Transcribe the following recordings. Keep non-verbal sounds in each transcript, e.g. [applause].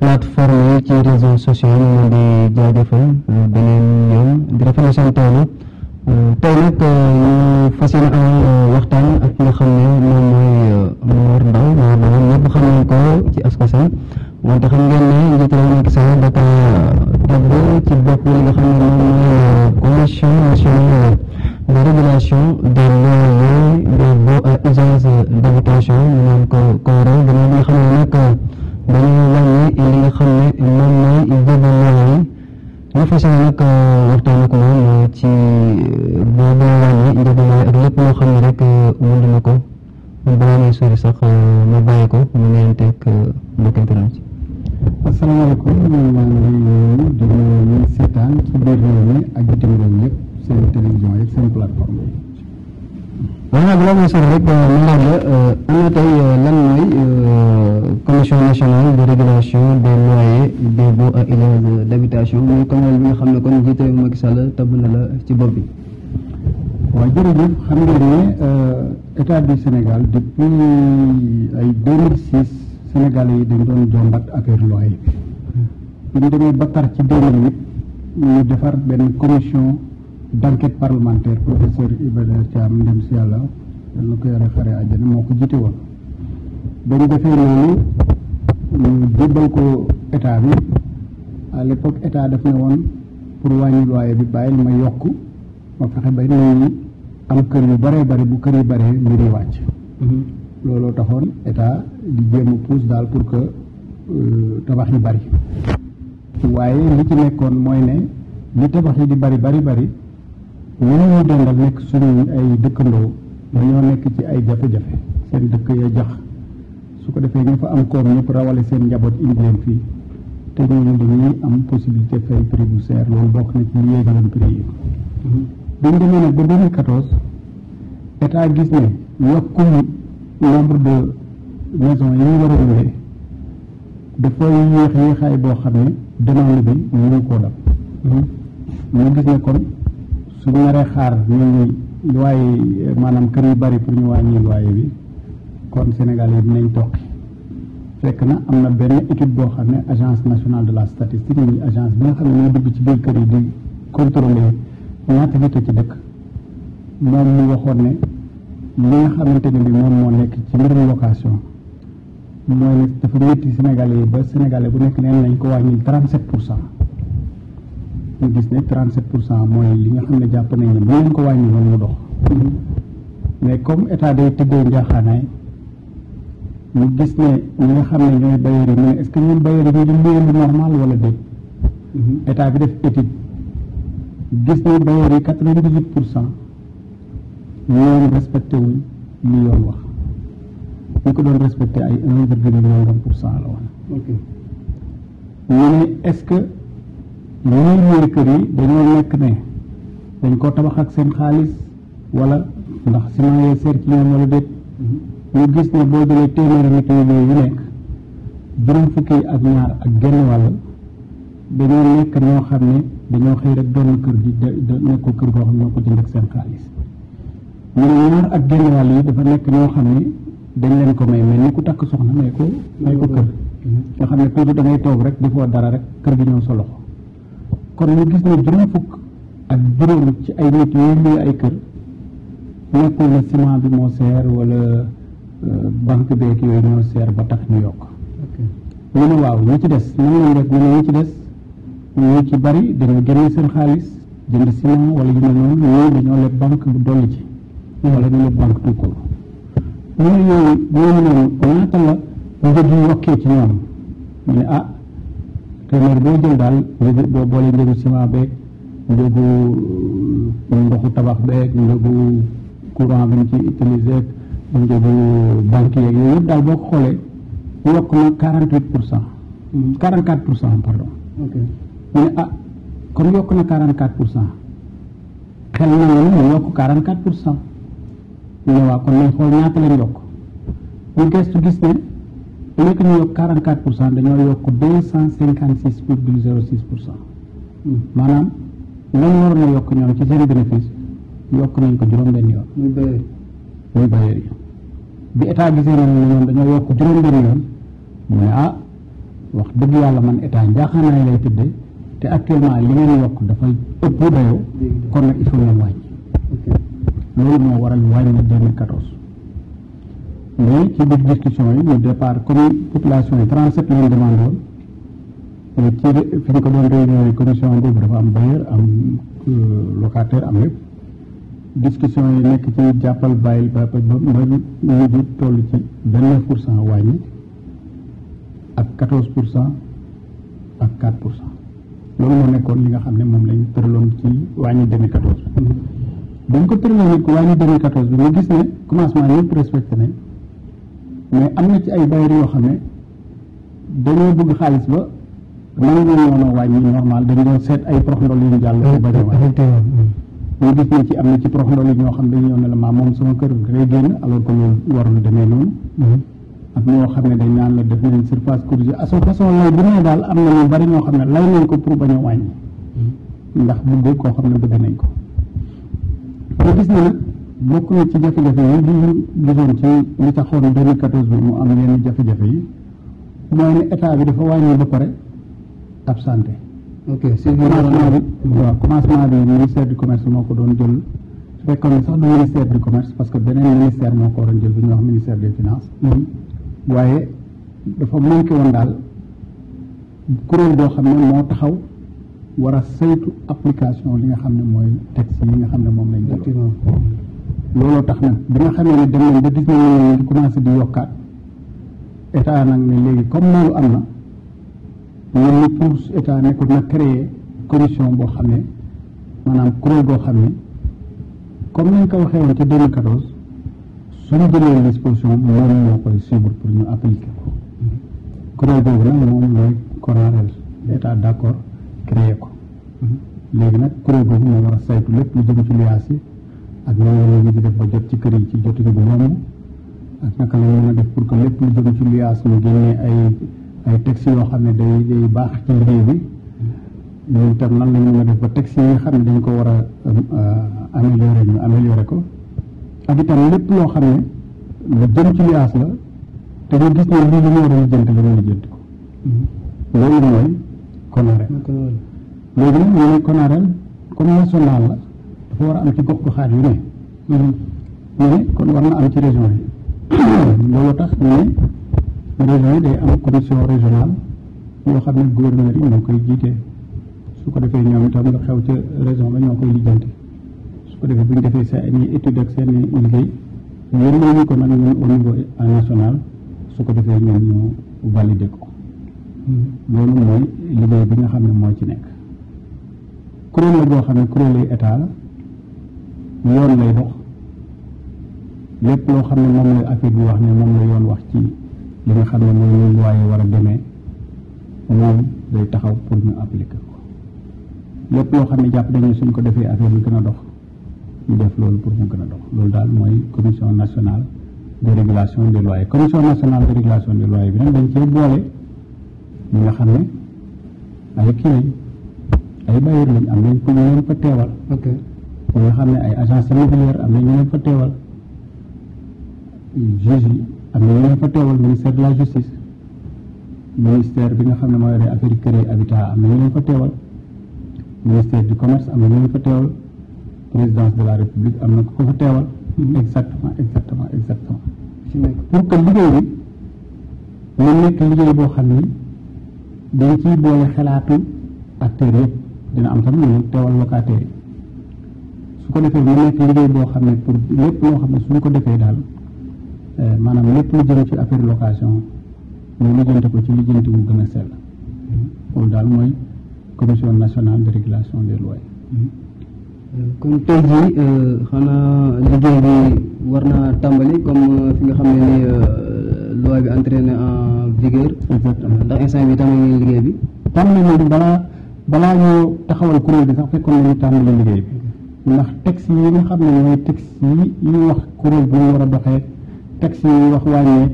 plateforme yi ci réseaux sociaux yi moo di jaajëfal euh, beneen yoon di rafetlu seen toolu euh, tey nag euh, ñu amal waxtaan ak nga xam ne moom mooy Mor Ndao Mor Ndao ñëpp xam nañ ko ci ASCOSEN wante xam ngeen ne njiitu réew Macky Sall dafa teg ci bopp li xam ne moom mooy commission nationale de régulation des loyers des baux à usage d'habitation ñu naan ko CORED xam ne nag dañuy wàññi li nga xam ne moom mooy gouvernement yi ñu fas yéene nag euh, waxtaan ak moom euh, ci euh, boobu wàññi gouvernement yi ak lépp ko mën balaa ngay sori sax ma bàyyi ko mu neen teg mbokk internet. asalaamaaleykum ñun maa ngi leen di nuyu di seetaan ci biir réew mi ak bitim réew yëpp seen télévision yeeg seen plateforme voilà balaa may sori rek ma laaj tey lan mooy commission nationale de régulation des loyers des baux et immeubles d'habitation muy commission bi nga xam ne kon njiit réew Macky Sall tabb na la ci bopp bi. waaw jërëjëf xam nga ne euh, état du Sénégal depuis ay 2006 Sénégalais yi dañ doon jombat affaire loyer bi. bu ñu demee ba tar ci 2008 ñu defar benn commission. d'enquête parlementaire professeur Ibrahima Thiam ndem si yàlla dañ na ko yore xare àjjana moo ko jiite woon mu defee noonu ñu jébbal ko état bi à l'époque état daf ne woon pour wàññi loyer bi bàyyil ma yokk ma fexe ba nit am kër yu bëree bëri bu kër yu bëree mbir yi wàcc mm-hmm. looloo taxoon état di jéem a pousse daal pour que euh, tabax yi bari waaye li ci nekkoon mooy ne li tabax yi di bari bari bari ñoo ñu dendal nekk suñu ay dëkkandoo dañoo nekk ci ay jafe-jafe seen dëkk ya jax su ko defee ñu fa am koom ñëpp rawale seen njaboot indi fii te ñooñu dañuy am possibilité fay prix bu seer loolu bokk na ci ñu yéegaloon prix yi bi ñu demee nag ba 2014 état gis ne yokkuñu nombre de maisons yi ñu war dafay yéex yéexaay boo xam ne demande bi mënu koo dab hmm. ñu gis ne kon suñ naree xaar ñun ñu loyer maanaam kër yu bari pour ñu wàññi loyer bi kon Sénégal yi dinañ toqi fekk na am na benn étude boo xam ne agence nationale de la statistique muy agence bi nga xam ne ñoo dugg ci biir kër yi di contrôler ñaata nit ci dëkk moom mu waxoon ne li nga xamante ne bi moom moo nekk ci mbirum location mooy ne dafa métti Sénégalais ba Sénégalais bu nekk neen nañ ko wàññil 37 pour cent ñu gis ne 37 pour cent mooy li nga xam ne jàpp nañ ne bu ko wàññi woon mu dox mais comme état day tëddee njaaxaanaay ñu gis ne ñi nga xam ne ñooy bailleurs yi mu ne est que ñun bailleurs yi ñu di luyee lu normal wala déet mm-hmm. état bi def étude gis ne bailleurs yi 98 pour cent mu respecté wuñ wax ñu ko doon respecté ay 1 pour cent la ne est ñuy miir kër yi dañoo nekk ne dañ ko tabax ak seen xaalis wala ndax ciment yee seer ci ñoom wala déet mm-hmm. ñu gis ne boo jëlee téeméeri nit yu nekk juróom fukki ak ñaar ak genn wàll dañoo nekk ñoo xam ne dañoo xëy rek doon kër gi da nekkul kër goo xam ne ñoo ko jënd ak seen xaalis ñu ne ñaar ak genn wàll yi dafa nekk ñoo xam ne dañ leen ko may mais ni ku takk soxna may ko may ko kër mm-hmm. nga xam ne toujours da ngay toog rek defoo dara rek kër gi ñëw solo loxo kon ñu gis ne juróom fukk ak juróom ci ay nit ñuy luy ay kër nekkul na ciment bi moo seer wala euh, banque beek yooyu ñoo seer ba tax ñu yokk ñu ne waaw ñi ci des nan lañ def ne ñi ci des ñu ci bari dañu génne seen xaalis jënd ciment wala yu mel noonu ñooñu dañoo leb banque bu dolli ci wala ñu leb banque tout court ñu ne yooyu ñooñu noonu ñaata la njëg yi yokkee ci ñoom ñu ne ah téeméer boo jël daal njëgu boo boole njëgu ciment beeg njëgu euh, ndoxu tabax beeg njëgu courant bi ñu ci utilisé njëgu banque yeeg yooyu yëpp daal boo ko xoolee yokk na quarante huit pour cent hmm. quarante quatre pour cent pardon mu ne ah comme yokk na quarante quatre pour cent xel na ne mu pour cent ñu ne waa kon nañ xool gis ne nekk ñu yokk pour cent dañoo yokk 256 virgule 06 pour cent hmm. maanaam lan waroon a yokk ñoom ci seen bénéfice yokk nañ ko juróom-benn yoon. muy bailleur bi état gisee ne ñoom dañoo yokk juróom-benn yoon mu ne ah wax dëgg yàlla man état njaaxaanaay lay tëddee te actuellement li ngeen yokk dafa ëpp dayoo kon nag il faut ñu wàññi loolu moo waral wàññi 2014. mais ci biir discussion yi ñu départ comme population yi 37 lañ demandé woon euh, ci fi ñu ko doon réunion commission boobu dafa am bailleur am euh, locataire am yëpp discussion yi nekk ci jàppal bàyyil ba ba ñu di toll ci vingt pour cent wàññi ak quatorze pour cent ak quatre pour cent loolu moo nekkoon li nga xam ne moom lañ tëraloon ci wàññi 2014 mm-hmm. bi. dañ ko tëraloon nit ko wàññi 2014 bi nga gis ne commencement ñëpp respecté mais am na ci ay bailleurs yoo xam ne dañoo bëgg xaalis ba nan la ñoo noo wàññi normal dañ doon seet ay prox ndol yu ñu jàll bu bañ a wàññi ñu gis ne ci am na ci prox ndol yi ñoo xam dañu ñëw ne la maa moom sama kër day noonu hmm. ak ñoo xam ne dañ naan la def nañ surface corrigée aso façon lay bu nee daal am na ñu bari ñoo xam ne lay nañ ko pour bañ a wàññi hmm. ndax bëgg koo xam ne bëgg nañ ko ñu gis ne nag bokk na ci jafe-jafe yi li ñu gisoon ci li taxoon 2014 bi mu am yenn jafe-jafe yi mooy ne état bi dafa wàññi ba pare ab santé. ok si commencement bi commencement bi ministère du commerce moo ko doon jël su fekkoon ne sax du ministère du commerce parce que beneen ministère moo ko waroon jël bi ñuy wax ministère des finances. Hmm. waaye dafa manqué woon daal kuréel boo xam ne moo taxaw. wara a saytu application li nga xam ne mooy texte yi nga xam ne moom lañ jël looloo tax nag bi nga xamee ne dem nañ ba dix-neuf millions di commencé di yokkaat état nag ne léegi comme loolu am na ñoom ñu pousse état ne ko na créer commission boo xam ne maanaam kuréel goo xam ne comme nañ ko waxee woon ci 2014 suñu jëlee disposition moom moo koy pour ñu appliquer ko kuréel boobu nag moom mooy CONAREL état d' accord créer ko léegi nag kuréel boobu moo war a saytu lépp lu jëm ci luyaas yi ak nan la ñu di def ba jot ci kër ci jotuñu bu yomb ak naka la ñu a def pour que lépp lu jëm ci luyaas mu génnee ay ay yoo xam ne day day baax ci liggéey bi loolu itam nan la ñu def ba taxi yi nga ne dañ ko war a euh, améliorer ñu améliorer ko ak itam lépp loo xam ne lu jëm ci luyaas la te ñu gis ne lii lu ñu war a lijjanti la ñu lijjanti ko loolu mooy konareel léegi nag ñu ne konareel comme national dafa war a am ci gox goxaat yu ne mais kon war na am ci région yi [coughs] loolu tax ñu ne région yi day am commission régionale yoo xam ne gouverneur yi ñoo koy jiite su ko defee ñoom itam la xew ca région la ñoo koy lijjanti su ko defee bu ñu defee seen i seen i liggéey yéen nañu ko nag ñun au niveau national su ko defee ñoom ñu validé ko loolu mooy liggéey bi nga xam ne moo ci nekk kuréel la boo xam ne kuréelu état la yoon lay dox lépp loo xam ne moom la affaire bi wax ne moom la yoon wax ci li nga xam ne mooy loolu waaye war a demee moom day taxaw pour ñu appliquer lépp loo xam ne jàpp dañu suñ ko defee affaire bi gën a dox ñu def loolu pour mu gën a dox loolu daal mooy commission nationale de régulation des loyers commission nationale de régulation des loyers bi nag dañ cee boole ñi nga xam ne ay kii ay bailleur lañ am nañ ku leen fa teewal. nga xam ne ay agence immobilière am na ñu leen fa teewal juge yi am ministère de la justice ministère bi nga xam ne mooy de affaire kër yi habitat am na ñu leen fa teewal ministère du commerce am na ñu leen fa teewal présidence de la république am na ko fa teewal exactement exactement exactement pour que liggéey bi mu nekk liggéey boo xam ne dañ ciy boole xalaatu acteurs yëpp dina am tam ñu teewal locataires yi su ko defee mu nekk liggéey boo xam ne pour lépp loo xam ne suñ ko defee daal eh, maanaam lépp lu jëm ci affaire location ñu lijjante ko ci lijjante mu gën a sell daal mooy commission nationale de régulation des loyers. Eh, xanaa liggéey bi war naa tàmbali comme eh, fi nga xam ne ni loi bi entraîné en vigueur. exactement ndax instant bi tàmbali ngeen liggéey bi. tàmbali nañu balaa balaa ñoo taxawal kuréel bi sax fekkoon nañu tàmbali liggéey bi. ndax texte yi nga xam ne mooy texte yi yi wax kuréel bu ñu war a doxee texte yi wax wàññeek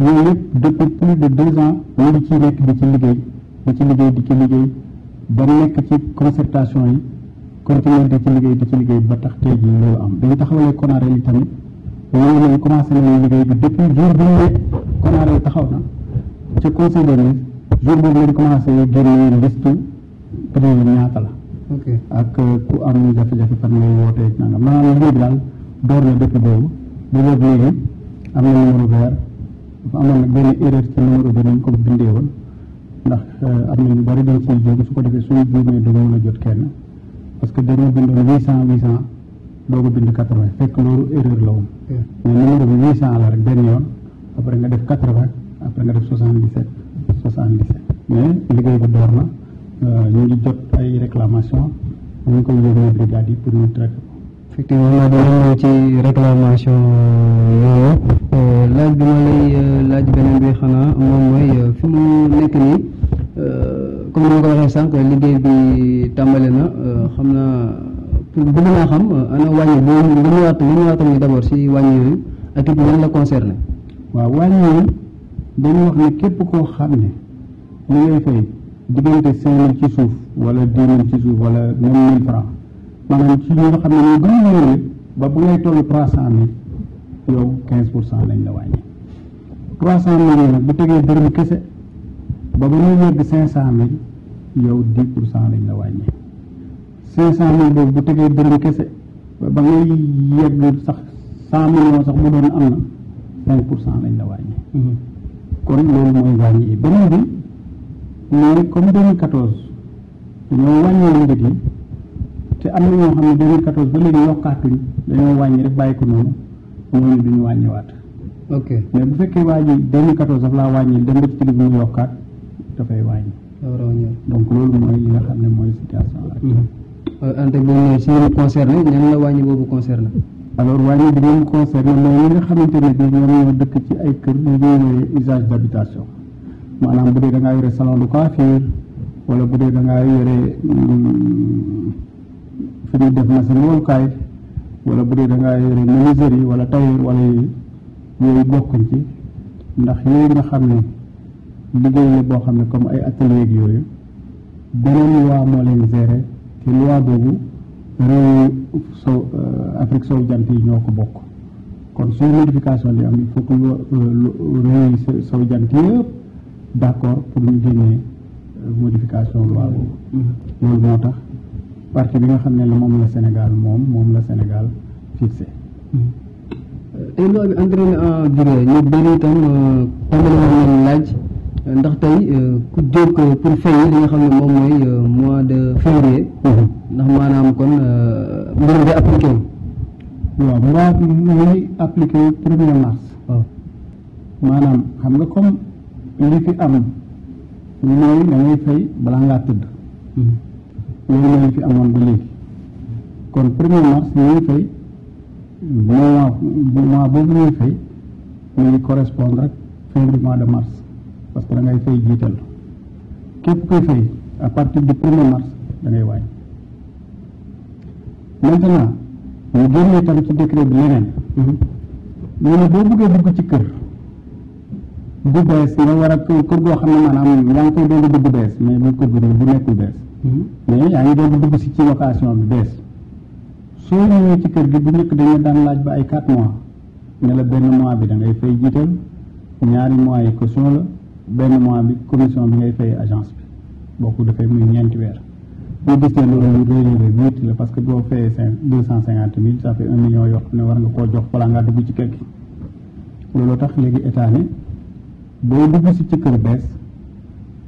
yooyu yëpp depuis plus de deux ans ñu di ci liggéey di ci liggéey di ci liggéey ba nekk ci concertation yi continuer di ci liggéey di ci liggéey ba tax tey jii loolu am dañu taxawalee Konarel yi tamit loolu lañ commencé nañu liggéey bi depuis jour bi ñu ne Konarel taxaw na ca conseil des ministres jour boobu lañ commencé génne liste prix yi ñaata la ak euh, ku am jafe-jafe fan ngay wootee nangam maanaam liggéey bi daal door na dëkk boobu ba boobu léegi am na numéro vert dafa amoon nag benn erreur ci numéro bi dañ ko bindee woon ndax euh, am na ñu bari dañ ciy jóg su ko defee suñu juumee doo mën a jot kenn parce que dañoo bindoon huit cent huit cent doo ko bind quatre vingt fekk loolu erreur la woon mais numéro bi huit cent la rek benn yoon après nga def quatre vingt après nga def soixante dix sept soixante dix sept mais liggéey bi door na Euh, ñu ngi jot ay réclamation ñu ngi koy yónnee brigade yi pour ñu traité ko. Euh, euh, ma ma ko waxee sànq liggéey bi na xam naa pour bëgg xam ana wàññi bu ñu bu ñu waat ñu si wàññi yooyu ak it lan concerné. waaw wàññi dañu wax ne képp koo xam ne li ngay fay. diggante cinq mille ci suuf wala dix ci suuf wala même mille franc maanaam ci ñi xam ne ñu a ba bu ngay toll trois cent yow quinze pour cent lañ la wàññi cent mille yooyu tegee dërëm kese ba ba ne yegg cinq cent mille yow dix pour cent cent bu tegee dërëm ba ba ngay yegg sax cent sax bu doon pour cent lañ la wàññi mm-hmm. mais comme 2014 dañoo wàññoon njëg yi te am na ñoo xam ne 2014 ba léegi yokkaatuñ dañoo wàññi rek bàyyi ko noonu ñooñu duñu wàññiwaat. ok mais bu fekkee waa ji 2014 daf laa wàññi dem ba ci digg mu yokkaat dafay wàññi. donc loolu mooy li nga xam ne mooy situation la. ante bu ñan la wàññi boobu concerné. alors wàññi bi ñoom xamante ne bii ñoo dëkk ci ay kër ñu ngi usage d' maanaam bu dee da ngaa yore salon de coiffure wala bu dee da ngaa yore mm, fi ñuy def machine wolkaay wala bu dee da ngaa yore menuiserie wala tailleur wala yooyu bokkuñ ci ndax yooyu nga xam ne liggéey la boo xam ne comme ay atelier ak yooyu beneen loi moo leen gérer te loi boobu réew sow euh, Afrique sow jant yi ñoo ko bokk kon suñu modification di am il faut que euh, réew sow jant yëpp d' accord pour ñu génnee euh, modification loi boobu mm-hmm. loolu moo tax parti bi nga xam ne la moom la Sénégal moom moom la Sénégal fixé mm-hmm. euh, tey loi bi entré na en ñu bëri itam euh, tàmbali woon laaj ndax tey ku jóg pour fay li nga xam ne moom mooy mois de février mm-hmm. ndax maanaam kon mbir day appliqué wu waaw mbaa muy appliqué premier mars oh. maanaam xam nga comme li fi am mooy da ngay fay balaa ngaa tëdd loolu mooy li fi amoon ba léegi kon premier mars ñuy fay mois mois boobu ñuy fay mu ngi correspondre ak fin de mars parce que da ngay fay jiital képp koy fay à partir du premier mars da ngay wàññi maintenant ñu génnee tam ci décret bi leneen ñu mm-hmm. ne boo bëggee dugg ci kër bu bees nga war a kër goo xam ne maanaam yaa ngi koy doog a bees mais bu kër bu nekkul bees hmm. mais yaa ngi doog a dugg si ci location bi bees soo ñëwee ci kër gi bu njëkk dañu daan laaj ba ay 4 mois la benn mois bi da ngay fay jiital ñaari mois yi caution la benn mois bi commission bi ngay fay agence bi boo ko defee muy ñeenti weer boo gis ne loolu réunion bi métti la parce que boo fayee cinq deux cent cinquante mille ça fait million yoo xam ne war nga koo jox balaa ngaa dugg ci kër gi looloo tax léegi état ne boo dugg si ci kër bees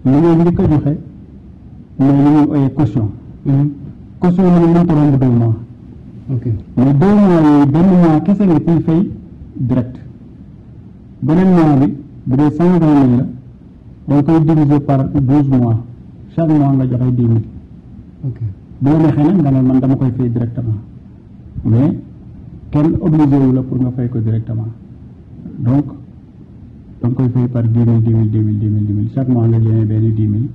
li ngay njëkk a joxe mooy li ñuy ooyee caution mm-hmm. caution yi mën ta mois mais deux mois mois kese nga ciy fay direct beneen mois bi bu dee cent vingt mille la da koy diviser par douze mois chaque mois nga joxe dix mille bu la neexee nag nga ne man dama koy fay directement mais kenn obligé la pour nga fay ko directement da nga koy fay par dix mille dix mille dix mille dix mille dix mille chaque mois nga génne benn dix mille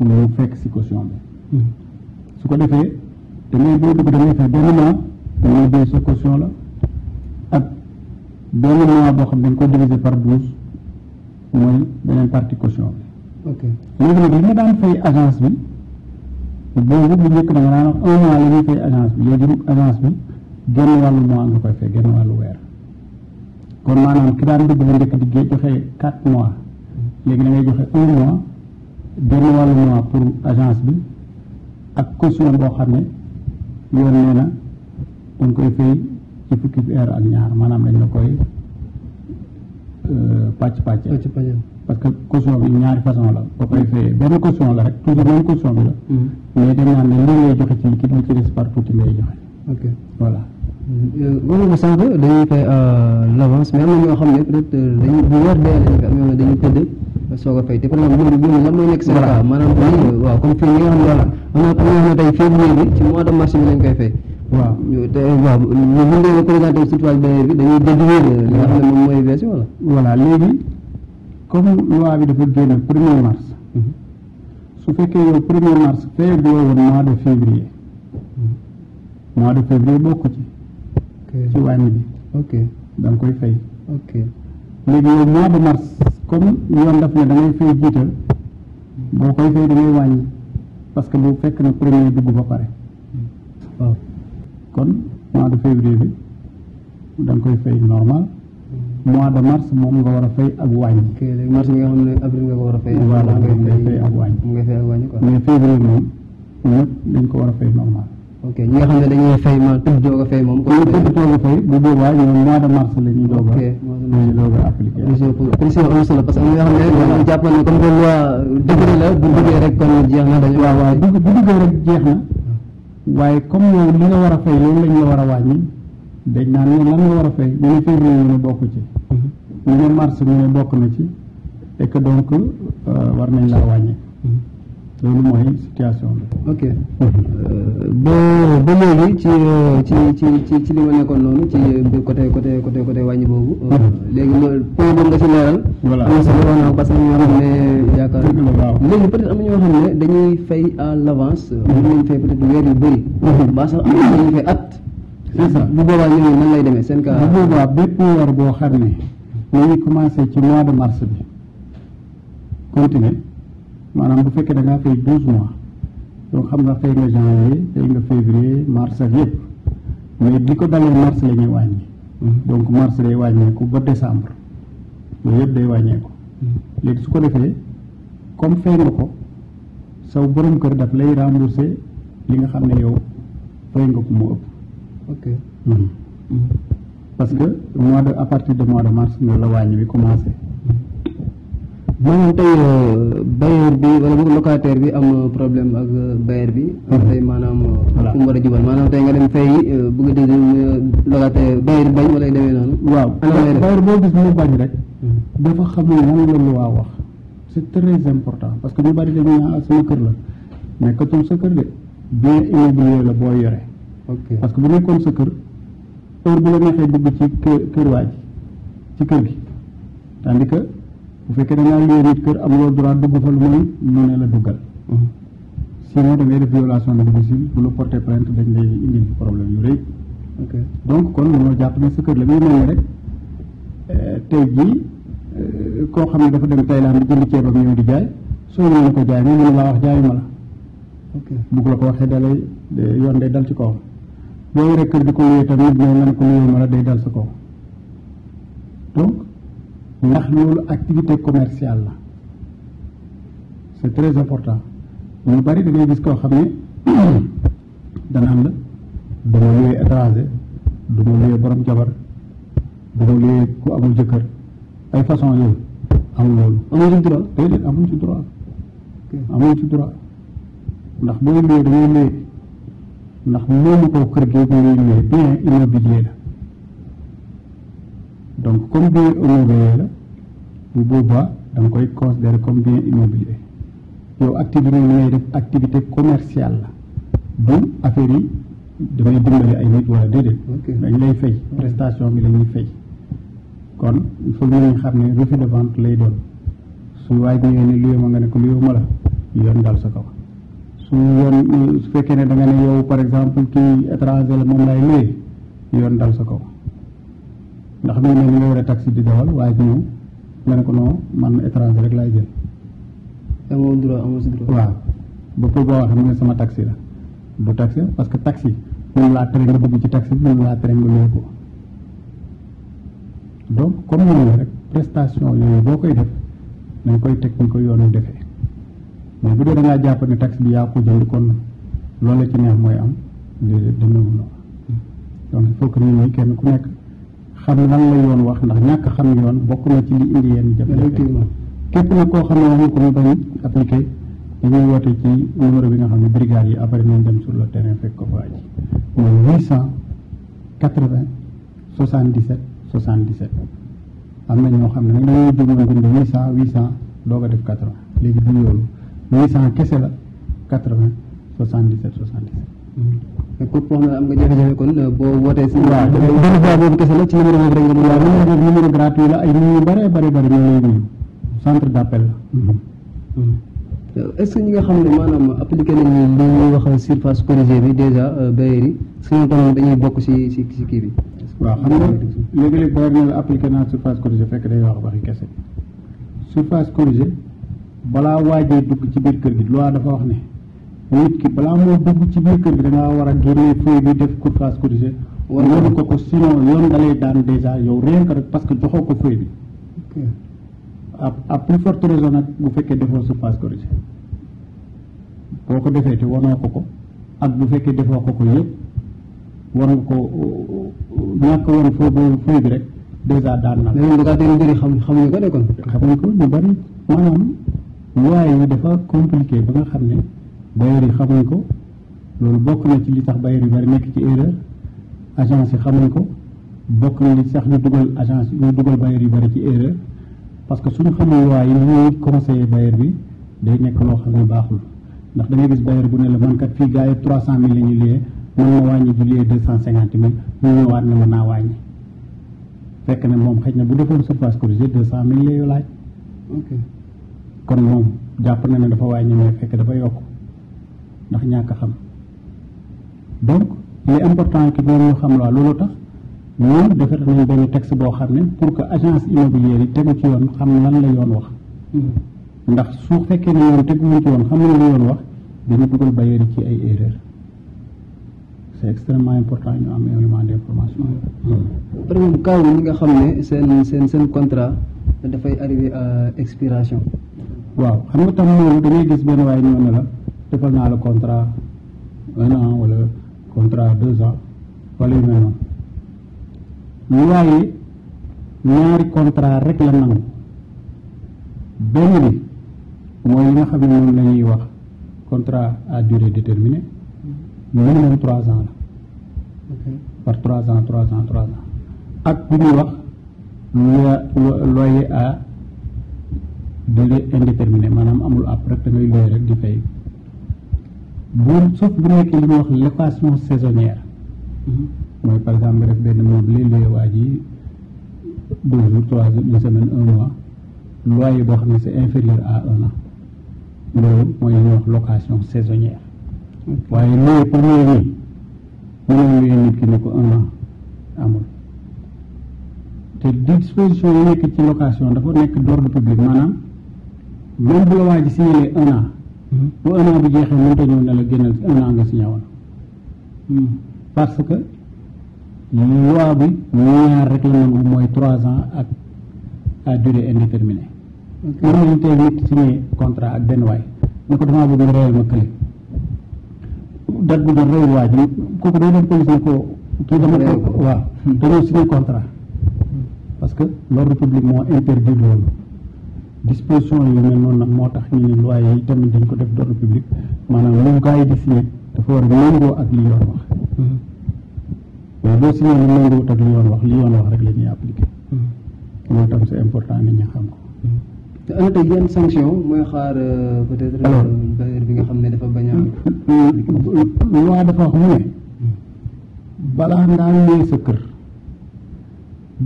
mu fekk si caution bi hmm. su ko defee damay boo bëgg damay fay benn mois la ak benn mois boo xam dañ ko diviser par douze mooy beneen partie costion bi léegi nag li nga agence bi boobu bu njëkk da nga daan fay agence bi léegi mois nga koy fay genn wàllu weer kon maanaam ki daan dugg la njëkk di joxe quatre mois léegi da joxe un mois benn wàllu mois pour agence bi ak caution boo xam ne yoon nee na dañ koy fay ci fukki weer ak ñaar maanaam dañ la koy euh, pàcc pàcc parce que caution bi ñaari façon la boo koy fayee benn caution la rek toujours même caution bi la mm-hmm. mais dañ naan ne lii ngay joxe ci liquide li ci des par tuuti ngay joxe voilà moom la sànq na ñoo xam ñoo euh, dañuy euh, a te par exemple ñoom ñoom lan mooy nekk seen cas maanaam lii euh, waaw comme fii ñi nga xam ne voilà moom mooy versé wala voilà léegi comme loi bi dafa génn premier mars mhm. su fekkee yow premier mars fayaguloo woon mois de février mhm. mois de février bokk ci ci wàññi bi. ok da koy fay. ok léegi yow mois de mars comme yoon daf ne da fay jiital boo koy fay da wàññi parce que bu fekk na premier dugg ba pare. Hmm. Oh. kon mois de février bi da koy fay normal. Hmm. mois de mars moom nga war a fay ak wàññi. mars nga xam ne avril nga war a fay. voilà nga mais février moom ñëpp dañ ko war a fay normal. ok ñi nga xam ne dañuy fay ma tëb doog a fay moom. mu tëb doog a bu boobaa ñoom mois de mars la ñuy a. ok mois de mars appliqué. précision am parce que am na ñoo xam ne dañoo jàpp ne comme que loi décret la bu duggee rek kon jeex na dañu. waaw waaw bu duggee rek jeex na waaye comme yow li nga war a fay loolu lañ la war a wàññi dañ naan yow lan nga war a fay ñu ne février ñu ne bokk ci ñu mhm. ne mars ñu ne bokk na ci et que donc euh, war nañ laa wàññi. loolu mooy situation ok ba ba léegi ci ci ci ci ci li ma nekkoon noonu ci côté côté côté côté wàññi boobu. Euh, mhm. léegi loolu point boobu nga ci leeral. am na solo woon parce que ñoo xam ne yaakaar léegi peut être am na ñoo xam ne dañuy fay à l' avance. Mhm. mën nañu fay weer yu bëri. mbaa mhm. sax am na ñu fay at. c' est ça bu boobaa ñooñu nan lay demee seen cas. bu boobaa bépp weer boo xam ne. nañu commencé ci mois de mars bi continuer. maanaam bu fekkee da ngaa fay douze mois donc xam nga fay nga janvier fay nga février mars ak yëpp mais di ko dalee mars la wàññi donc mars day wàññeeku ba décembre loolu yëpp day wàññeeku léegi su ko defee comme fay nga ko saw borom kër daf lay remboursé li nga xam ne yow fay nga ko mu ëpp ok hmm. Hmm. parce que mois de à de mois de mars nga la wàññi bi commencé maanaam tey euh, bailleur bi wala boog locataire bi am euh, problème ak euh, bailleur bi. Mhm. tey maanaam. voilà fu mu war a jubal maanaam tey nga dem fay bëgg a déglu locataire bailleur bañ wala demee noonu. waaw bailleur boo gis mu bañ rek. Mhm. dafa xam ne moom waa wax. c'est très important parce que ñu bari dañu naan ah, sama kër la nekkatul sa kër de bien immobilier la boo yore. parce que bu nekkoon sa kër heure bu la neexee dugg ci kër kër waa ci kër gi tandis bu fekkee da ngaa nit kër amuloo droit dugg fa lu mooy lu ne la duggal mhm. sinon da ngay def violation de domicile bu la porter plainte dañ lay indi problème yu rëy donc kon mënoo jàpp ne la muy mel ni euh, euh, xam ne dafa dem Thaïlande jënd ceebam ñëw di jaay soo ñëwee la jaay mu mën laa wax jaayuma la bugg la ko waxee dalay yoon day dal ci kawam boo yoree kër di ko luyee tamit mais nga ne ko luyee ma la day dal sa kaw ndax loolu activité commerciale la c'est très important ñu bari dangay gis koo xam ne [clears throat] dana am la dama luwee étranger du ma luwee borom jabar du ma luwee ku amul jëkkër ay façon yooyu amul loolu amuñ ci droit déedéet amuñ ci ci droit ndax booy luwee da ngay luwee ndax moomu ko kër gi ngay luwee bien immobilier la donc comme bien immobilier la bu boobaa da koy considérer comme bien immobilier yow activité commercial ngay la du affaire yi damay dimbali ay nit wala déedéet dañ lay fay prestation bi la ñuy fay kon il faut ñu xam ne refus de lay doon su waaj ñëwee ne luyoo ma nga ne ko luyoo ma la yoon dal sa kaw su yoon su fekkee ne da nga ne yow par exemple kii étranger la moom lay luyee yoon dal sa kaw ndax mi ngi mel ni nga yore di dawal waaye ci ñëw nga ne ko non man étranger rek laay jël. amoo droit amoo si droit. waaw ba sama taxi la du taxi parce que taxi moom laa tere nga dugg ci taxi moom laa tere nga luwe ko donc comme noonu rek prestation yooyu boo koy def nañ koy teg ñu ko yoonu defee mais bu dee da ngaa jàpp ne taxi bi yaa ko jënd kon loolu la ci neex mooy am déedéet demeewul noonu donc il faut que nit kenn ku nekk. xam lan la yoon wax ndax ñàkk xam yoon bokk na ci li indi yenn jafe-jafe képp nag koo xam ne waxu ko mu bañ appliqué dañuy woote ci numéro bi nga xam ne brigade yi après nañ dem sur le terrain fekk ko waa ji mooy 880 77 77 am na ñoo xam ne nag dañuy jógoon bind 800 800 doog a def 80 léegi du loolu 800 kese la 80 77 77 képp koo xam am nga jafe-jafe kon euh, boo wootee si waaw benn boobu kese la ci numéro boobu rek nga waaw numéro gratuit la ay nit ñu bëree bëri bëri ñi nga xam ne maanaam appliqué nañu li ñuy wax surface corrigée bi déjà euh, bailleurs yi si ñoom dañuy bokk si si si kii bi waaw xam nga léegi-léegi bailleur ne la appliqué naa surface corrigée fekk day wax waxi kese surface corrigée balaa waajee dugg ci biir kër gi loi dafa wax ne nit ki balaa moo dugg ci biir kër bi da war a génne feuille bi def courtage cotisé. war nga ko sinon yoon da lay daan dèjà yow rien que rek parce que joxoo ko feuille bi. à à plus forte raison bu fekkee defoo surface corrigée boo ko defee te wanoo ko ko ak bu fekkee defoo ko ko yëpp war nga ko ñàkk woon foo boobu fooy bi rek dèjà daan na. mais da ngaa bëri xam xamuñu ko de kon. xamuñu ko ñu bëri maanaam lois yi dafa compliqué ba nga xam ne. bailleurs yi xamuñ ko loolu bokk na ci li sax bailleurs yu bari nekk ci erreur agence yi xamuñ ko bokk na li sax ñu dugal agence ñu dugal bailleurs yu bari ci erreur parce que suñu xamul loi yi ñuy conseiller bailleur bi day nekk loo xam ne baaxul ndax da ngay gis bailleur bu ne la man kat fii gars yi trois cent mille la ñu liyee mën ma wàññi du liyee deux cent cinquante mille mu ñëwaat ne mën naa wàññi fekk ne moom xëy na bu defoon surface corrigée deux cent mille la yu laaj kon jàpp na ne dafa wàññi mais fekk dafa yokk ndax ñàkk xam donc il est important que ñoom ñu xam loi loolu tax ñun defar nañ benn texte boo xam ne pour que agence immobilière yi tegu ci yoon xam lan la yoon wax hmm. ndax su fekkee ne yoon teguwuñ ci yoon xam wax dañu dugal bailleur yi ay erreur c'est extrêmement important ñu am élément d'information hmm. par exemple kaw ñi nga xam ne seen seen seen contrat dafay arrivé à expiration waaw xam nga tam moom da gis benn waaye ñoo ne la defal naa la contrat un an wala contrat deux ans wala yu mel noonu waaye ñaari contrat rek la nangu benn bi mooy li nga xam ne moom la ñuy wax contrat à durée déterminée minimum trois ans la par trois ans trois ans trois ans ak bu ñuy wax loyer à durée indéterminée maanaam amul app rek da ngay rek di fay bu suuf bu nekk li ñuy wax location saisonnière mm-hmm. mooy par exemple rek benn meuble luy waa ji deux jours trois jours semaine un mois loyer boo xam ne c'est à un wax location saisonnière waaye loolu pour ñëw nii mënoon luye nit ki ne ko un an amul te disposition yi nekk ci location dafa nekk d'ordre public maanaam même bu la waa ji signaler un an bu un an bi jeexee mënta ñëw ne la génnal si un an nga signé woon hmm. parce que loi bi ñaar rek la nangu mooy trois ans ak à durée indéterminée mën nañ tey nit signé contrat ak benn waay ne ko damaa bëgg nga reyal ma kële dat bu reyul waa ji kooku day dem police ne ko kii dama ko hmm. waaw dañoo signé contrat hmm. parce que l'ordre public moo interdit loolu disposition yu mel noonu nag moo tax ñu ne loi yi tamit dañ ko def d'ordre public maanaam lu gars yi di signé dafa war a méngoo ak li yoon wax mais boo signé lu méngoowut ak li yoon wax li yoon wax rek la ñuy appliqué mm-hmm. loolu tam c'est important nit ñi xam ko mm-hmm. te ana tey yan sanction mooy xaar euh, peut-être euh, alors bi nga xam ne dafa bañ a loi dafa wax mu ne balaa ngaa ñëw sa kër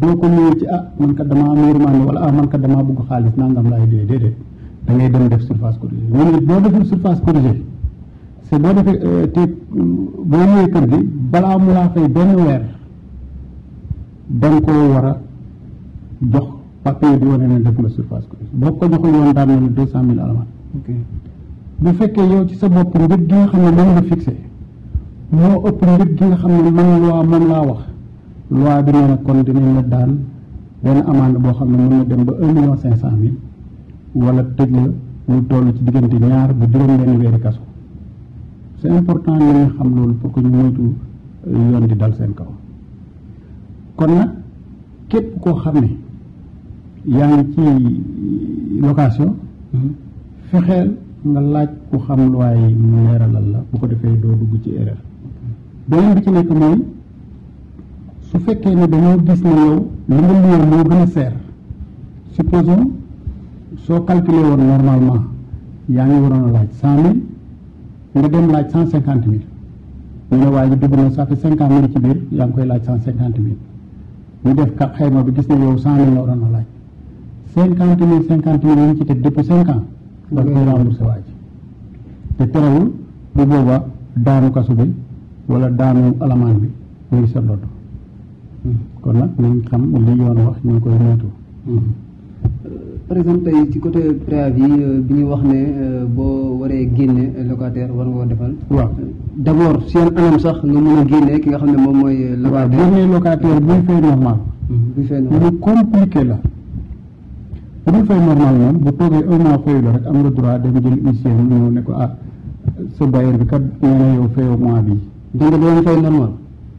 doo ko ñëw ci ah man kat damaa am yërmande wala ah man kat damaa bëgg xaalis nangam laay dee déedéet da ngay dem def surface corrigée ñun it boo deful surface corrigée c'est boo defee euh, te boo ñëwee kër gi balaa mu laa fay benn weer da nga koo war a jox papier bi wane ne def nga surface corrigée boo ko joxul woon daan na ne deux cent mille alamaan bu fekkee yow ci sa bopp mbir gi nga xam ne moom nga fixé moo ëpp mbir gi nga xam ne man laa moom laa wax loi bi nee na kon dinañ la daan benn amende boo xam ne mën na dem ba un million cinq cent mille wala tëj la lu toll ci diggante ñaar bu juróom benn weeri kaso c'est important ñu ñu xam loolu pour ko ñu moytu euh, yoon di dal seen kaw kon nag képp koo xam ne yaa ngi ci euh, location mm-hmm. fexeel nga laaj ku xam luwaay mu leeralal la bu ko defee doo dugg ci erreur mm-hmm. beneen bi ci nekk mooy bu fekkee ne dañoo gis ne yow li nga luwee moo gën a seer supposons soo calculé woon normalement yaa ngi waroon a laaj cent mille nga dem laaj cent cinquante mille ñu ne waaye ji dugg na ça fait ci biir yaa ngi koy laaj cent cinquante mille ñu def ka xayma bi gis ne yow cent mille nga waroon a laaj cinquante mille cinquante mille yi ci teg depuis cinq ans da koy remboursé waa ji te terewul bu booba daanu kasu bi wala daanu alamaan bi mu ngi sa ndodd kon nag nañ xam li yoon wax ñu koy moytu. par exemple tey ci côté préavis euh, bi ñu wax ne euh, boo waree génne locataire war nga ko defal. waaw d' abord si anam sax nga mën a génne ki nga xam ne moom mooy. Euh, locataire buy fay normal. Mm-hmm, buy fay normal la. moom bu toogee un mois la rek am nga droit dem jël huissier mu ñëw ne ko ah sa bi kat nee na yow fayoo mois bii. donc doon fay normal.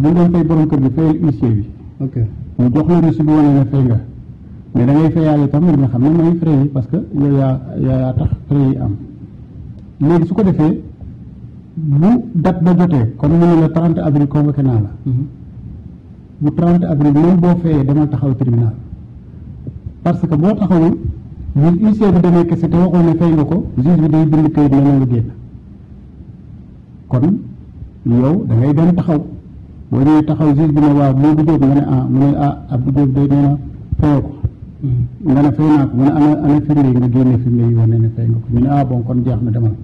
bu doon fay borom kër gi fayal huissier bi. ok mu jox la reçu bi wane ne fay nga mais da ngay fayaale itam li nga xam ne mooy frais yi parce que yaa yaa tax frais yi am léegi su ko defee bu date ba jotee comme ñu ne la 30 avril convoqué naa la. Mhm. bu 30 avril même boo fayee demal taxaw tribunal parce que boo taxawul bu huissier bi demee kese te waxoon ne fay nga ko juge bi day bind kayit ne na nga génn kon yow da ngay taxaw. boo ñëwee taxaw juge bi ne waaw Modou Diop nga ne ah mu ne ah Abdou Diop day nee na fayoo ko hmm. nga ne fay naa ko mu ne ana ana nga ah, kon jeex na demal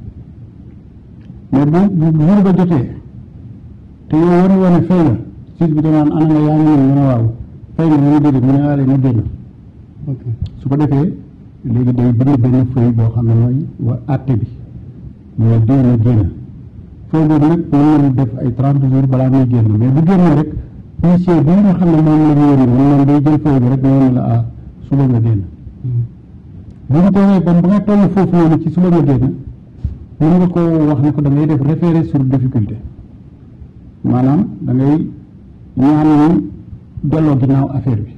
mais bu bu jour ba jotee te yow war a nga juge bi danaan ana nga yaa ngi noonu nga ne waaw fay nga mu déedéet mu ne ah léegi génn su ko defee léegi day bind benn feuille boo xam ne mooy àtte bi mooy diw na génn tool boobu nag mën nañ def ay trente jours balaa muy génn mais bu génn rek huissier bi nga xam ne moom la ñu yónni moom day jël fooy bi rek na la ah suba nga génn hmm. bu ñu toogee ba ba nga toll foofu noonu ci suba nga génn mën nga koo wax ne ko da ngay def référé sur difficulté maanaam da ngay ñaan ñu delloo ginnaaw affaire bi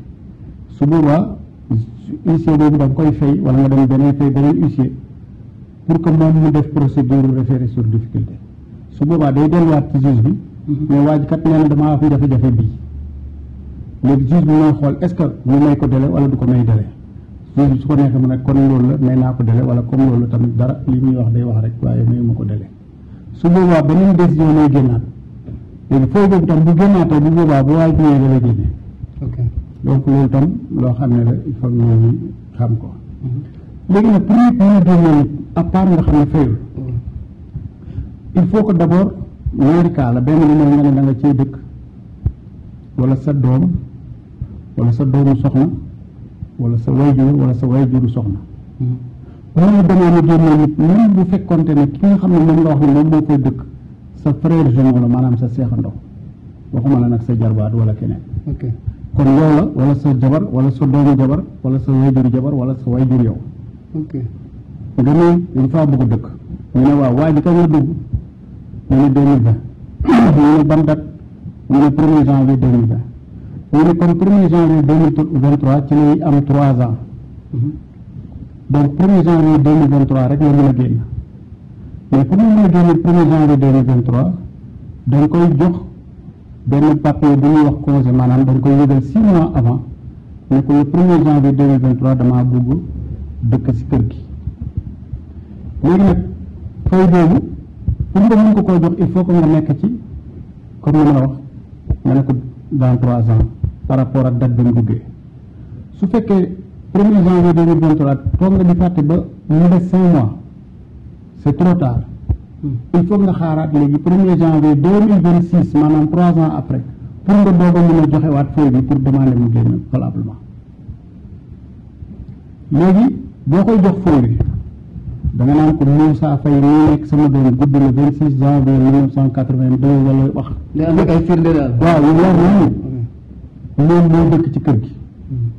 su boobaa huissier boobu da koy fay wala nga dem beneen fay beneen huissier pour ko moom mu def procédure référé sur difficulté su boobaa day delluwaat ci juge bi mhm. mais waa ji kat nee na jafe-jafe bii léegi juge bi mooy xool est-ce que ñu may ko délai wala du ko may délai juge bi su ko neexee mu ne kon loolu la may naa ko délai wala comme loolu tamit dara li muy wax day wax rek waaye may ma ko délai su boobaa beneen décision mooy génnaat léegi foofu boobu tam bu génnaatee bu boobaa bu waa ji ñëwee dafay génne donc loo xam ne la il faut xam ko mhm. léegi nag pour nit ñi génne nit à part nga xam ne fayul il faut que d'abord ñaari kaa la benn bi nga ne da nga cee dëkk wala sa doom wala sa doomu soxna wala sa wayjur wala sa wayjuru soxna loolu damaa ni génne nit même bu nga xam ne moom nga dëkk sa frère jumeau maanaam sa seexandoo waxuma nag sa jarbaat wala keneen kon yow la wala sa jabar wala sa doomu jabar sa wayjuru jabar wala sa wayjur yow nga ne faa bëgg dëkk ñu ne waaw waa ji kañ dugg ñu ne deux mille vingt ñu ne ban premier janvier deux mille comme premier janvier deux am trois ans donc premier janvier deux rek nga mën a dañ koy jox benn papier bu ñuy wax congé maanaam dañ koy yëgal six mois avant ne ko le premier janvier damaa bëgg dëkk ci kër gi léegi nag fay boobu pour nga mën ko koo jox il faut que nga nekk ci comme ni ma wax nga ne ko dans trois ans par rapport ak date mu duggee su fekkee premier janvier deux mille vingt trois toog nga di fàtte ba mu des cinq mois c' est trop tard il faut nga xaaraat léegi premier janvier deux mille vingt six maanaam trois ans après pour nga doog a mën a joxewaat feuille bi pour demande mu génn valablement léegi boo koy jox feuille bi da nga naan ko Moussa Faye mii nekk sama doom gudd na vingt six janvier mille neuf cent quatre vingt deux wala wax. day am ay firnde daal. waaw yu leer nañu moom moo dëkk ci kër gi. Hmm.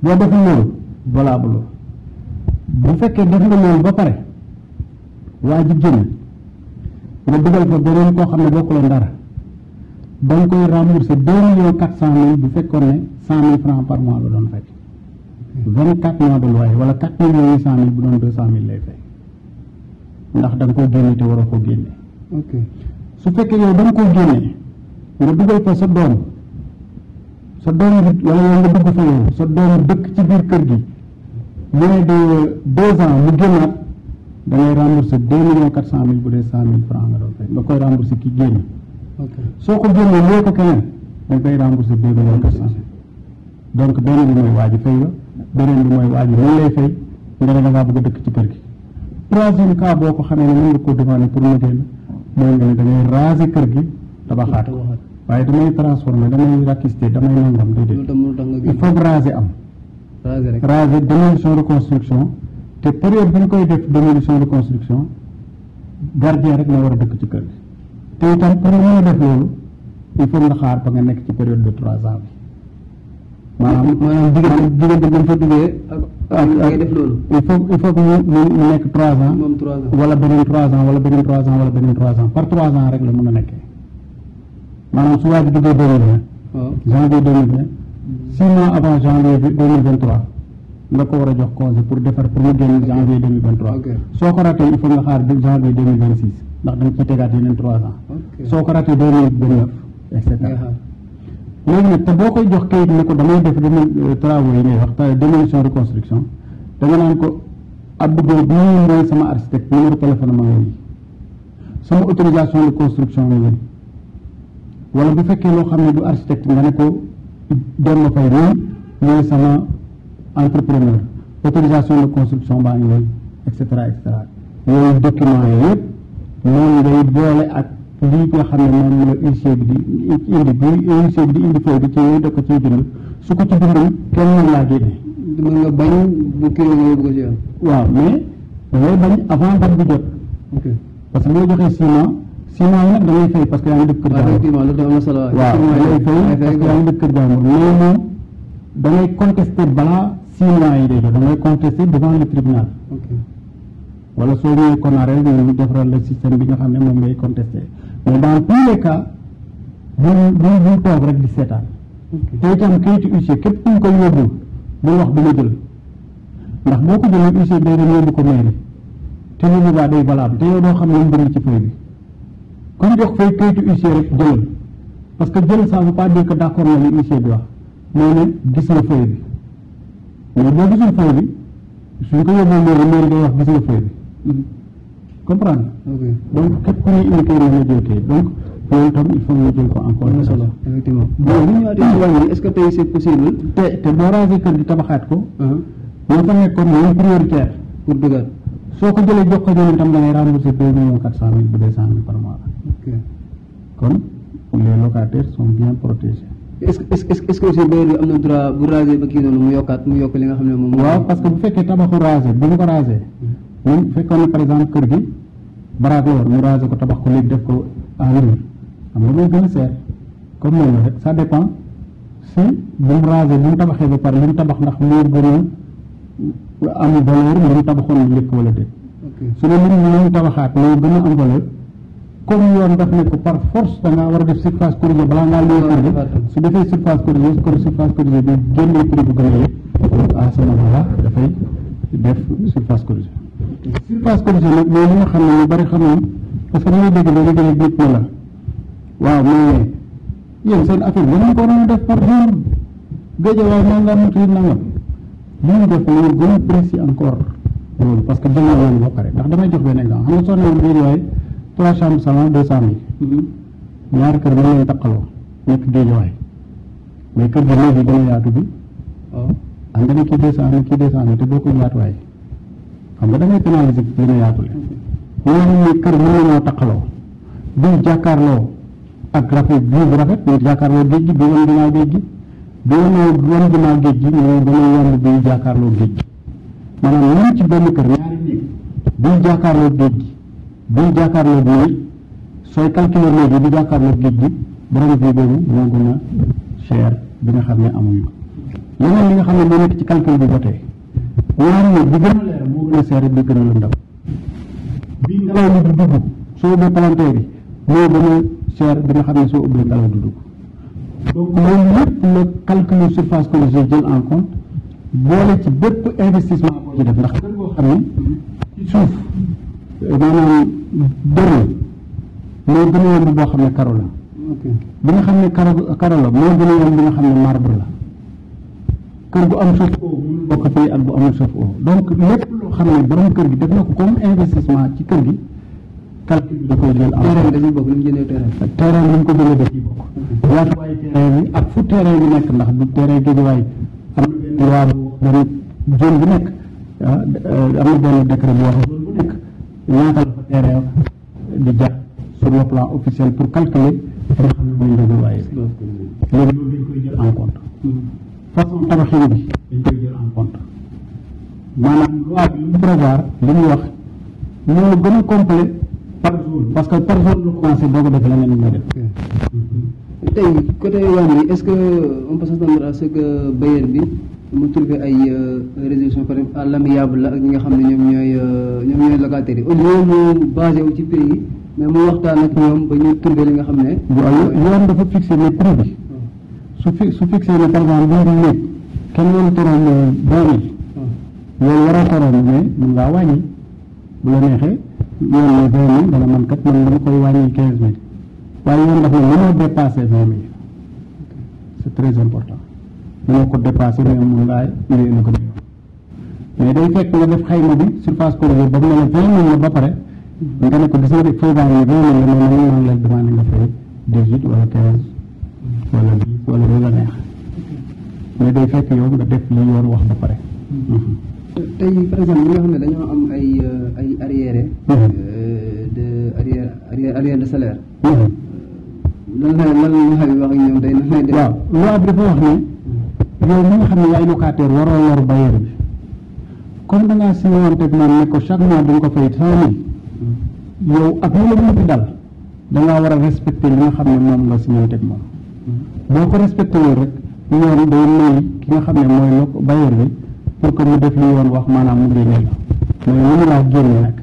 boo defee loolu bu fekkee def loolu ba pare waa ji génn nga dugal fa beneen koo xam ne bokkuloon dara da nga koy rembourser deux millions quatre cent mille bu fekkoon ne cent mille francs par mois la doon fekk. vingt quatre mois de loyer wala quatre millions huit mille bu doon deux cent mille lay fay ndax da nga koo génne te waroo koo génne. su fekkee yow da nga génne nga dugal ko sa doom sa doom bi wala yow nga dugg fa yow sa doom dëkk ci biir kër gi moins de deux ans mu génnaat da ngay rembourser deux millions quatre cent mille bu dee cent mille franc nga doon fay nga koy rembourser ki génn. soo ko génnee loo ko keneen da nga koy rembourser deux millions quatre cent donc benn bi mooy waa fay beneen bi mooy waa ji mën lay fay nga ne da ngaa bëgg a dëkk ci kër gi troisième cas boo ko xamee ne mën nga koo demandé pour mu génn mooy nga ne da ngay raser kër gi tabaxaat ko waaye damay transformé damay raquisté damay nangam déedéet il faut raser am raser démolition reconstruction te période bi ñu koy def démolition reconstruction gardien rek na war a dëkk ci kër gi te itam pour nga mën a def loolu il faut nga xaar ba nga nekk ci période de trois ans maanaam maanaam diggante diggante bu ñu fa duggee ak ak il faut il faut mu nekk trois ans moom trois wala beneen trois ans wala beneen trois ans wala beneen trois par trois ans rek la mën a nekkee maanaam su waa ji duggee deux mille vingt janvier deux mille vingt six mois avant janvier deux mille vingt trois nga ko war a jox congé pour defar pour mu génn janvier deux mille vingt trois soo ko ratee il faut nga xaar janvier deux mille vingt six ndax da nga ciy tegaat yeneen trois ans soo ko ratee deux mille vingt léegi nag te boo koy jox kayit ne ko damay def demel euh, travaux yi ngay wax démolition reconstruction da nga naan ko Abdou Gueye bi ñu mooy sama architecte numéro téléphone ma sama autorisation de construction la yéen wala bu fekkee loo xam ne du architecte nga ne ko doon na fay nii mooy sama entrepreneur autorisation de construction baa ngi yooyu et cetera et cetera yooyu documents yooyu yëpp ngay boole ak lii nga xam ne moom la huissier bi bi di indi foofu bi ci yooyu da ko ciy su ko ci bindul kenn mën laa génne. waaw mais da bañ avant date bi jot. parce que boo joxee six mois yi nag da ngay parce que yaa ngi dëkk kër jàmbur. waaw effectivement loolu dafa am solo. parce que yaa ngi dëkk kër jàmbur moom da ngay balaa six yi day jot da ngay devant le tribunal. wala soo ñëwee Konaré ñu defaral le système bi nga xam ne moom ngay contester. mais dans tous les cas buñ buñ buñ toog rek di seetaan te itam kayitu huissier képp kuñ ko yóbbul bul wax du la jël ndax boo ko jëlee huissier day dem yóbbu ko mairie te lu boobaa day valable te yow doo xam ne bind ci fay bi kuñ jox fay kayitu huissier rek jëlal parce que jël saabu veut pas dire que d' accord na li huissier bi wax mais ne gis nga fay bi mais boo gisul fay bi suñ ko yóbboo mairie mairie day wax gis nga fay bi hmm. comprendre donc képp ku ñuy imiter la nga jël kay donc ko en compte. que tey c'est possible. te te boo raasee ko. boo uh-huh. fa nekkoon mooy prioritaire pour soo ko jëlee jox ko tam da ngay rembourser kon les locataires sont bien protégés. est-ce que na mu yokkaat mu yokk li nga xam ne moom. waaw parce que bu fekkee tabaxu raser bu ñu ko raser. Hmm. ñun bu fekkoon ne par exemple kër gi. baraako yor ñu raser ko tabax ko léegi def ko environ xam nga mooy gën a seer comme loolu rek ça dépend si bu mu raser bu mu tabaxee ba pare li mu tabax ndax moo gën a am valeur li mu tabaxoon njëkk wala déet su ne mbir mi tabaxaat moo gën a am valeur comme yoon daf ne ko par force da war a def surface corrigée balaa ngaa loué kër gi su defee surface corrigée kon surface corrigée bi génnee prix bu gën a yëg à ce dafay def surface corrigée surface comme ça nag mooy li nga xam ne ñu bari xamoon parce que ni ñuy dégg nga dégg nit na la waaw mais yéen seen affaire bi ñu ko waroon a def par jour géejawaay nangam ak yi nangam li ñu def loolu gën a précis encore loolu parce que dama leen ba pare ndax damay jox benn exemple xam nga soo newoon géejawaay trois chambres salon deux cent mille mm-hmm. ñaari kër mën leen taqaloo nekk géejawaay mais kër gi léegi gën a yaatu bi oh. am nga ne kii deux cent mille kii deux cent mille te bokkul yaatuwaay xam nga da ngay pénaliser li nga yaatule wóolu ni kër mën nañoo taqaloo jàkkaarloo ak rafet bii bu rafet duñ jàkkaarloo géej gi du géej gi du wan géej gi mais jàkkaarloo géej gi maanaam ci benn kër jàkkaarloo géej gi duñ jàkkaarloo géej sooy calculer néeg yi du jàkkaarloo géej gi borom bii boobu moo gën a cher bi nga xam ne amuñu leneen li nga xam ne moo nekk ci calcul bi ba tey ñaari néeg bi gën a leer bi moo gën bi nga xam ne soo ubbee ngelaw di dugg donc loolu lépp le calcul surface corrigée jël en compte boole ci bépp investissement boo ci def ndax kër boo xam ne ci suuf maanaam dërë moo gën a yomb boo xam ne karo bi nga xam ne karo moo gën a yomb bi nga xam ne marbre la kër gu am suuf oo mënul bokk fii ak bu amul suuf oo oh. donc lépp xam ne borom kër gi def na ko comme investissement ci kër gi calcul bi da koy jël terrain dañuy bokk li mu jëndee terrain ko jëlee def yi bokk yaatuwaay bi ak fu terrain bi nekk ndax du terrain géejuwaay am na benn loi bu wax benn zone bu nekk ah, na benn décret bu wax zone bu nekk ñaata la fa terrain di jar sur le plan officiel pour calculer nga xam ne mooy géejuwaay bi léegi loolu dañ koy jël en compte hmm. façon tabaxin bi maanaam loi bi mu prévoir li muy wax ñoo gën a complet par jour parce que par jour lu commencé côté yoon est ce que on que bailleur bi mu trouver ay euh, résolution par exemple à l'amiable la ak ñi nga xam ne ñoom ñooy euh, ñoom ñooy locataires yi au lieu mu ci prix yi mais mu waxtaan ak ñoom ba ñu trouver li nga xam ne waaw yoon dafa fixé ne prix bi hmm. su su fixé ne par bi mu nekk kenn mënu teral boo loolu war a xoroon mais mën ngaa wàññi bu la neexee yoon ne vingt mille dana man kat man dama koy wàññi quinze mille waaye yoon daf ne mënoo dépassé vingt mille c'est très important mënoo ko dépassé mais mën ngaa yéene ko mais day fekk nga def xayma bi surface corrigée ba mu ne vingt mille ba pare nga ne ko gis nga de fay baa ngi vingt mille la mais man noonu la demandé nga fay dix huit wala quinze wala dix wala lu la neex mais day fekk yow wax ba pare mm-hmm. Mm-hmm. tey par exemple ñi nga xam ne dañoo am ay euh, ay arriéré. Mhm. Euh, de arrière arrière de salaire. Mhm. Euh, lan la lan la wax ak ñoom tey nan lay def. waaw bi dafa wax ne yow mi nga xam ne yaay locataire waroo lor mhm. a respecté xam ne moom nga signé boo ko respecté woon ki nga xam ne mooy bailleur bi. pour que mu def li yoon wax maanaam mu génne la mais mënu génne nag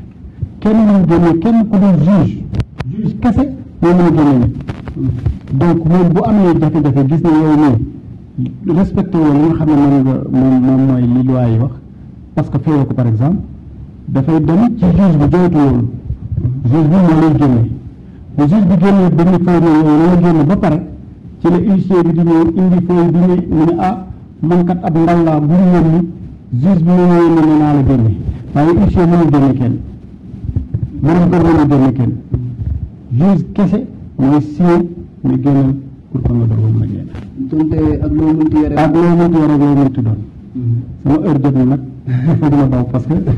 kenn mënu génne kenn ku dul juge juge kese moo mën a génne nit donc moom bu amee gis ne yow nii respecté mooy li loi yi wax parce que feyoo ko par exemple dafay dem ci juge bi jooytu loolu juge bi moo lay génne bu juge bi génnee ba ñu fay yow la génne ba pare ci la huissier bi di ñëw indi fooy bi mu ne ah man kat ab ndaw laa bu ñu juge bi mu ne ne naa la génne waaye huissier mënul génne kenn madame mënul génne kenn juge kese mooy signé ne génnal pour que nga doog a mën ak loo mënti yore. ak loo mënti heure jot na nag foofu duma daw parce que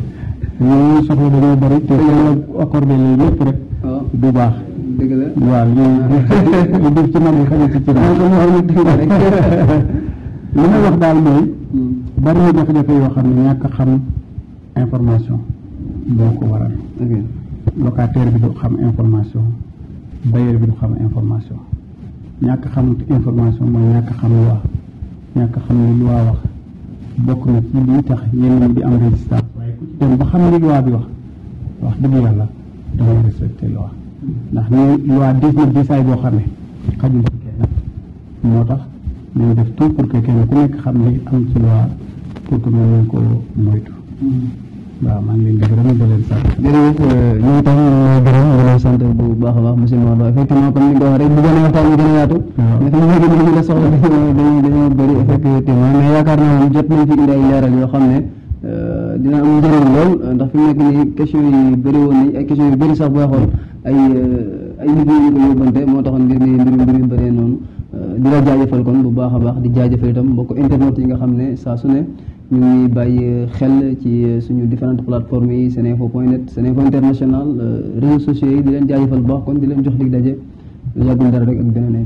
ñooñu soxla dañoo bari te soo accordé lii lépp rek oh. du baax. dëgg la waaw lii [laughs] def ci man yi xamante ci rek [laughs] li may wax daal mooy bari na jafe-jafe yoo xam ne ñàkk xam information boo ko waral locataire bi du xam information bailleur bi du xam information ñàkk xam information mooy ñàkk xam loi ñàkk xam ne loi wax bokk na ci lii tax ñenn ñi di am résistance waaye ku ci dem ba xam ni loi bi wax wax dëgg yàlla dangay respecté loi ndax ni loi diis na diisaay boo xam ne xajul moo tax nañ def tout pour que kenn ku nekk xam li am ci loi pour que mën nañ koo moytu. waaw maa euh, ngi leen di gërëm di leen sant. bu baax a baax monsieur Maodo effectivement comme ni nga ko waxee rek bu gën a waxtaan bi gën a yaatu. waaw dafa nekk lu yaakaar naa moom jot nañ fi indi ay leeral yoo xam ne euh, dina am njëriñ lool ndax fi mu nekk nii question yi bëri woon nañ ay question yu bëri sax booy xool ay euh, ay nit ñi ñu ko yóbbante moo taxoon ngir ne mbir mi mbir mi noonu. Euh, di la jaajëfal kon bu baax a baax di jaajëfal itam mbokk internet yi nga xam ne saa su ne ñu ngi bàyyi xel ci suñu différentes plateformes yi seneinfo point net seneinfo international euh, réseaux sociaux yi di leen jaajëfal bu baax kon di leen jox dig daje yàggul dara rek ak beneen